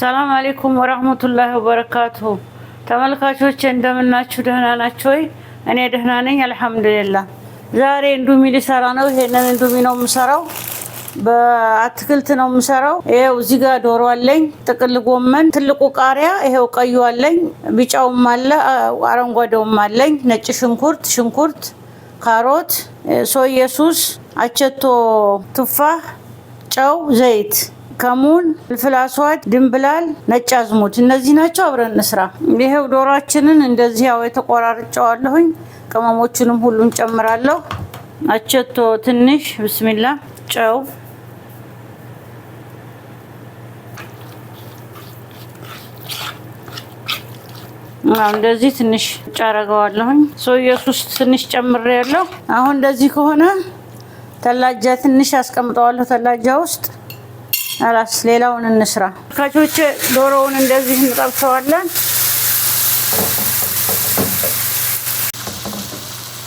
ሰላም አሌይኩም ወራህመቱላሂ ወበረካቱ። ተመልካቾች እንደምናችሁ ደህና ናችሁ ወይ? እኔ ደህና ነኝ አልሐምዱሊላህ። ዛሬ እንዱሚ ሊሰራ ነው። ይሄንን እንዱሚ ነው የምሰራው፣ በአትክልት ነው የምሰራው። ይሄው እዚህ ጋር ዶሮ አለኝ፣ ጥቅል ጎመን፣ ትልቁ ቃሪያ፣ ይሄው ቀዩ አለኝ፣ ቢጫውም አለ፣ አረንጓዴውም አለኝ፣ ነጭ ሽንኩርት፣ ሽንኩርት፣ ካሮት፣ ሶየሱስ፣ አቸቶ፣ ቱፋህ፣ ጨው፣ ዘይት ከሙን፣ ፍልፍል አስዋድ፣ ድንብላል፣ ነጭ አዝሙድ እነዚህ ናቸው። አብረን እንስራ። ይሄው ዶሯችንን እንደዚህ ያው የተቆራርጨዋለሁኝ። ቅመሞቹንም ሁሉን ጨምራለሁ። አቸቶ ትንሽ ብስሚላ፣ ጨው እንደዚህ ትንሽ ጫረገዋለሁኝ። ሶየሱ ውስጥ ትንሽ ጨምሬ ያለው አሁን እንደዚህ ከሆነ ተላጃ ትንሽ አስቀምጠዋለሁ ተላጃ ውስጥ አላስ ሌላውን እንስራ። ካቾች ዶሮውን እንደዚህ እንጠብሰዋለን።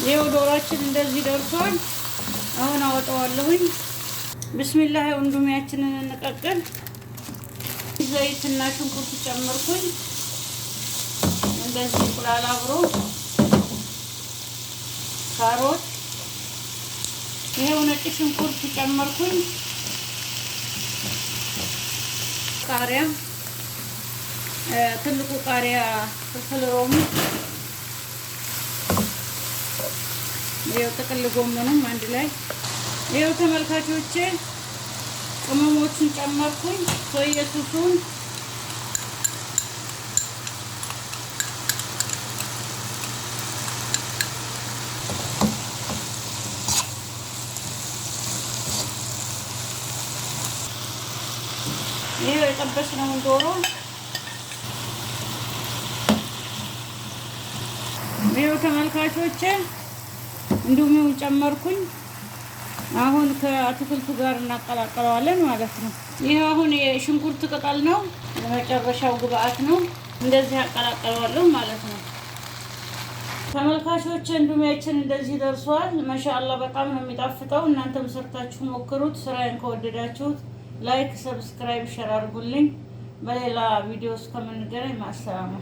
ይኸው ዶሮችን እንደዚህ ደርሷል። አሁን አወጣዋለሁኝ። ብስሚላህ ወንዱሚያችንን እንቀቅል። ዘይትና ሽንኩርት ጨምርኩኝ። እንደዚህ እንቁላል አብሮ ካሮት፣ ይሄው ነጭ ሽንኩርት ጨመርኩኝ። ቃሪያ ትልቁ ቃሪያ ፍልፍል ሮሙ ይኸው ጥቅል ጎመኑም አንድ ላይ ይኸው ተመልካቾቼ ቅመሞቹን ጨመርኩኝ ሶየሱሱን ይሄው የጠበስነውን ዶሮ ይሄው ተመልካቾቼ እንዲሁም ጨመርኩኝ። አሁን ከአትክልቱ ጋር እናቀላቅለዋለን ማለት ነው። ይህ አሁን የሽንኩርት ቅጠል ነው፣ የመጨረሻው ግብአት ነው። እንደዚህ ያቀላቅለዋለሁ ማለት ነው። ተመልካቾች እንዱሜያችን እንደዚህ ደርሷል። ማሻአላ በጣም ነው የሚጣፍጠው። እናንተም ሰርታችሁ ሞክሩት። ስራዬን ከወደዳችሁት ላይክ፣ ሰብስክራይብ፣ ሸር አድርጉልኝ። በሌላ ቪዲዮ እስከምንገናኝ ማሰላማ